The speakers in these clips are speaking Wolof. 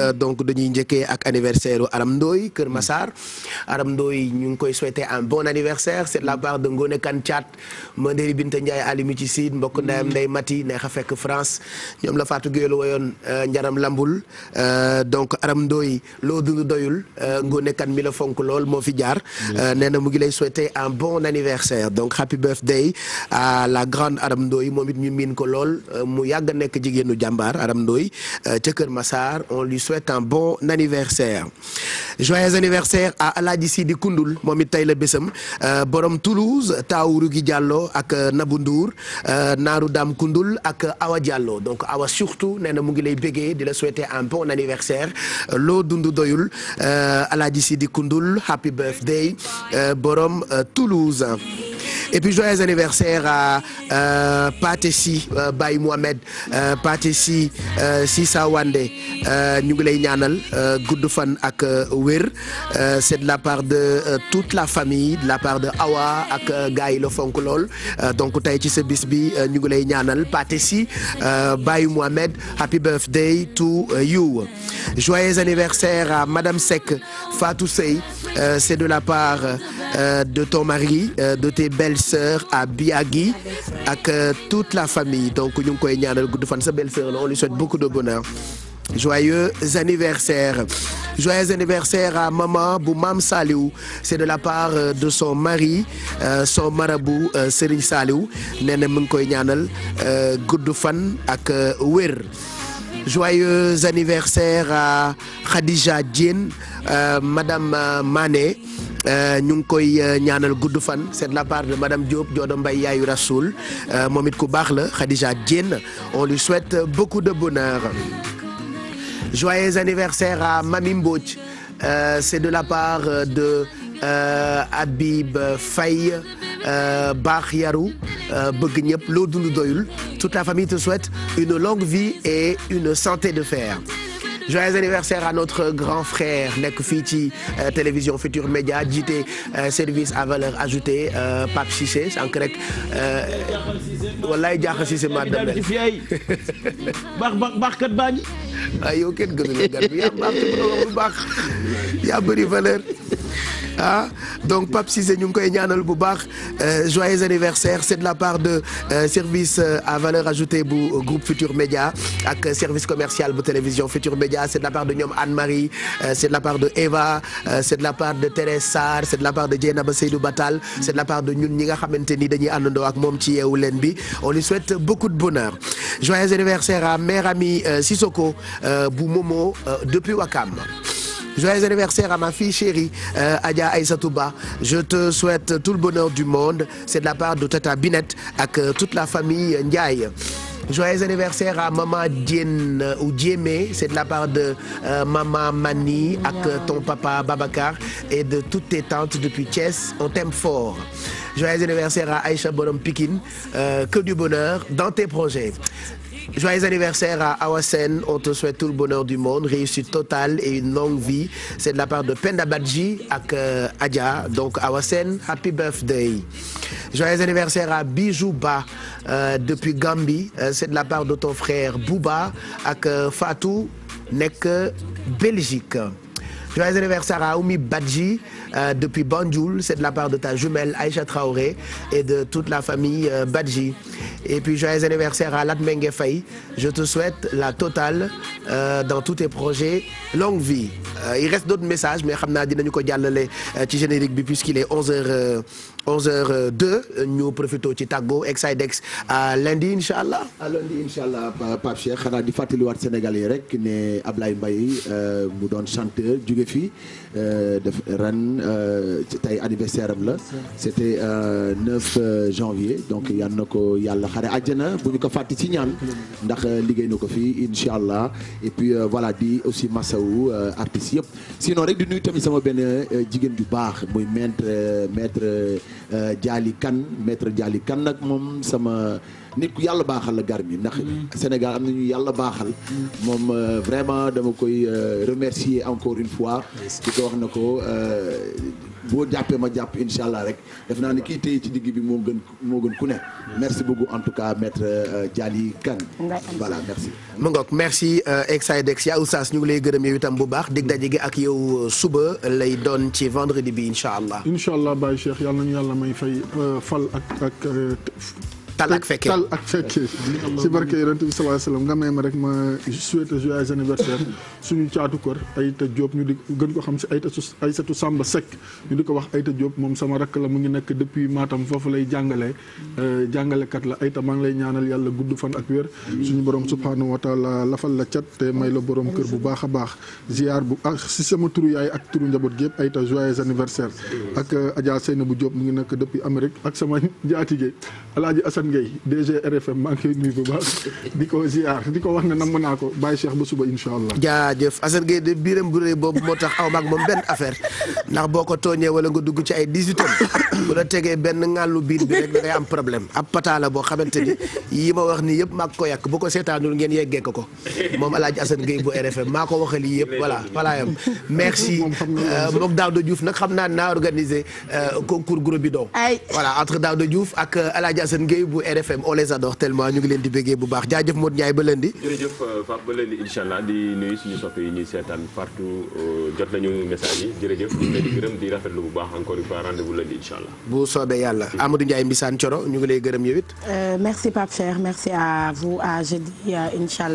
Euh, donc dañuy njëkkee ak anniversaire Aram Ndoye Kër mm. Massar Aram Ndoye ñu ngi koy souhaiter un bon anniversaire c'est de la part de Ngone Kan Thiat Mandéri Binta Ndiaye Alimi ci Sine mbokk mm. ndeyam ndey Mati neex a fekk France ñoom la Fatou Gueye woyoon euh, njaram lambul euh, donc Aram Ndoye loo dund doyul Ngone Kan mi fonk lool moo fi jaar nee na mu ngi lay souhaiter un bon anniversaire donc happy birthday a la grande Aram Ndoye moom it ñu miin ko lool mu yàgg a nekk jigéenu jàmbaar Aram souhaite un bon anniversaire joyeux anniversaire à Alaaji Sidi Koundoul moom it tey la bésam euh, borom Toulouse Taourou gi Diallo ak euh, Nabou Ndour euh, Naaru Dame Koundoul ak Awa Diallo donc Awa surtout nee na mu ngi lay bégee di la souhaiter un bon anniversaire loo dund doyul Alaaji Sidi Koundoul happy birthday borom Toulouse et puis joyeux anniversaire à euh, Patessi euh, Baye Mohamed euh, Patessi euh, Sissa Wande euh, ñu ngi lay ñaanal euh, gudd fan ak wér c'est de la part de toute la famille de la part de Awa ak gars yi la fonk lool donc tey ci sa bis bi ñu ngi lay ñaanal Patessi Baye Mohamed happy birthday to you joyeux anniversaire à Madame Seck Fatou Sey c'est de la part de ton de tes belles sœur à Biagui ak euh, toute la famille donc ñu ngi koy ñaanal gudd fan sa belle sœur la on lui souhaite beaucoup de bonheur joyeux anniversaire joyeux maman bu maam Saliou c'est de la part euh, de son mari euh, son marabout Serigne Saliou nee na mu ngi koy ñaanal gudd fan ak wér. joyeux anniversaire à Khadija Diène euh, madame euh, Mané euh, ñu ngi koy ñaanal gudd fan c'est de la part de madame Diop Diodo Mbaye yaayu Rasoul moom it ku baax la Khadija Diène on lui souhaite beaucoup de bonheur joyeux anniversaire à Mami Mbodj c'est de la part de Habib Faye baax yaru bëgg ñëpp loo dund doyul Toute la famille te souhaite une longue vie et une santé de fer. Joyeux anniversaire à notre grand frère nekk fii ci euh, télévision Futur Média jiite euh, service à valeur ajoutée euh, Pape Cissé sànq rek. wallaay jaaxal Cissé maa dem rek baax baax baax kat baa ngi. yow kenn gënu la gan bi yaa baax yaa bëri valeur. ah donc Pape Cissé ñu ngi koy ñaanal bu baax euh, joyeux anniversaire c'est de la part de euh, service euh, à valeur ajoutée bu groupe Futur Média ak service commercial bu télévision Futur Média c'est de la part de ñoom Anne-Marie c'est de la part de Eva c'est de la part de Thérèse Sarr c'est de la part Batal c'est de la part de ñun ñi nga xamante ni dañuy àndandoo ak moom ci yeewu leen bi on lui souhaite beaucoup de bonheur joyeux anniversaire à mère amie Sissoko bu Momo depuis Wakam joyeux anniversaire à ma fille chérie euh, Adja Aïssatou je te souhaite tout le bonheur du monde c'est de la part de Tata Binette ak euh, toute la famille Ndiaye joyeux anniversaire à maman Diène euh, ou Diémé c'est de la part de euh, maman Mani ak euh, ton papa Babacar et de toutes tes depuis Thiès on t'aime fort joyeux anniversaire à Aïcha Borom Pikine que du bonheur dans tes projets Joyeux anniversaire à Awa Sen, on te souhaite tout le bonheur du monde, réussite totale et une longue vie. C'est de la part de Penda Badji ak euh, Adja. Donc Awa Sen, happy birthday. Joyeux anniversaire à Bijou Ba euh, depuis Gambie, euh, c'est de la part de ton frère Bouba ak euh, Fatou nekk Belgique. Je vais anniversaire à Oumi Badji euh, depuis Banjul. C'est de la part de ta jumelle Aïcha Traoré et de toute la famille euh, Badji. Et puis joyeux anniversaire à Latmengue Faye. Je te souhaite la totale euh, dans tous tes projets. Longue vie. Euh, il reste d'autres messages mais xam naa dinañu ko jàllale euh, ci générique bi puisqu'il est 11h 11h02 ñu ci tàggoo Exidex à lundi incha allah. à lundi incha allah Pape Cheikh xanaa di fàttaliwaat Sénégalais rek ne Ablaye Mbaye mu doon jóge fii euh, def ren euh, tey anniversaire am la c'était euh, 9 euh, janvier donc yal na ko yàlla xare àjjana bu ñu ko fàtte ci ñaan ndax liggéey na ko fii incha allah et puis euh, voilà di aussi masawu artistes yëpp sinon rek di nuyu tamit sama benn jigéen ju baax muy maître maître Diali kan maître Diali kan nag moom sama nit ku yàlla baaxal la garmi ndax mm-hmm. Sénégal am na nañu yàlla baaxal mm-hmm. moom euh, vraiment dama koy euh, remercier encore une fois di ko wax na ko euh, boo jàppee ma jàpp incha allah rek def naa ne kii ci digg bi moo gën moo ku ne. merci beaucoup en tout cas maître Dialy Kane. voilà merci. mu ngoog merci Exidex yaa oustaz ñu ngi lay gërëm yow itam bu baax dig daje gi ak yow suba lay doon ci vendredi bi incha allah. incha allah Baye Cheikh yàlla nañu yàlla may fay fal ak ak. tal ak fekkee tal si barke yonent bi sallallahu nga may ma rek ma souhaité joyeux anniversaire suñu caatu kër Ayta Diop ñu di gën ko xam si Ayta Aysatu Samba Seck ñu di ko wax Ayta Diop moom sama rakk la mu ngi nekk depuis maatam foofu lay jàngalee euh, jàngalekat la Ayta maa ngi lay ñaanal yàlla gudd fan ak wér suñu borom subhanahu wa taala lafal la cat te may la boroom kër bu baax a baax ziar bu ak ah, si sama turu yaay ak turu njaboot gi yëpp Ayta joyeux anniversaire ak euh, Adja Seyna bu Diop mu ngi nekk depuis Amérique ak sama jaatige Gueye DG RFM maa ngi ko wax ne namm naa ko bàyyi Cheikh de biiram bu moo tax boo ko tooñee wala nga dugg ci ay 18 ans benn ŋàllu biin bi rek da ngay am problème pata la boo xamante ni yi ma wax nii yëpp maa ko yàq bu ko seetaanul ngeen yeggee ko ko moom El Hadj Assane Gueye bu RFM maa ko waxal yii yëpp voilà voilà yam merci moom euh, Daouda Diouf xam naa naa organiser euh, concours groupe bi doon. voilà entre Daouda Diouf ak euh, El Hadj Assane bu bu RFM on les ñu ngi leen di béggee bu baax jaajëf Modou Ndiaye ba leen euh, di. jërëjëf Pape ba leen di incha allah suñu soppe yi ñuy seetaan partout euh, jot nañu message yi jërëjëf ñu ngi di gërëm di rafetlu bu baax encore une fois rendez-vous lundi incha allah. bu soobee yàlla Amadou Ndiaye Mbissane Thioro ñu ngi lay gërëm yow it. Euh, merci Pape Cheikh merci à vous à jeudi incha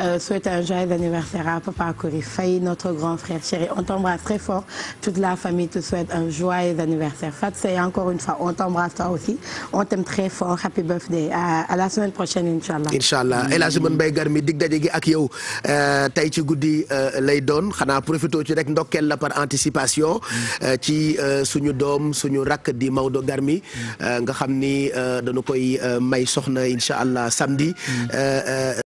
euh, souhaiter un joyeux anniversaire à Papa Kouri Faye, notre grand frère chéri. On t'embrasse très fort. Toute la famille te souhaite un joyeux anniversaire. Fatse, encore une fois, on t'embrasse toi aussi. On t'aime très fort. Happy birthday. À, à la semaine prochaine, Inch'Allah. Inch'Allah. El Hadj Mbaye Garmi dig daje gi ak yow euh, tey ci guddi euh, lay doon xanaa profité ci rek ndokkeel la par anticipation. Euh, ci suñu doom suñu rakk di Maodo Garmi. nga xam ni dañu koy may soxna incha allah samedi. Mm.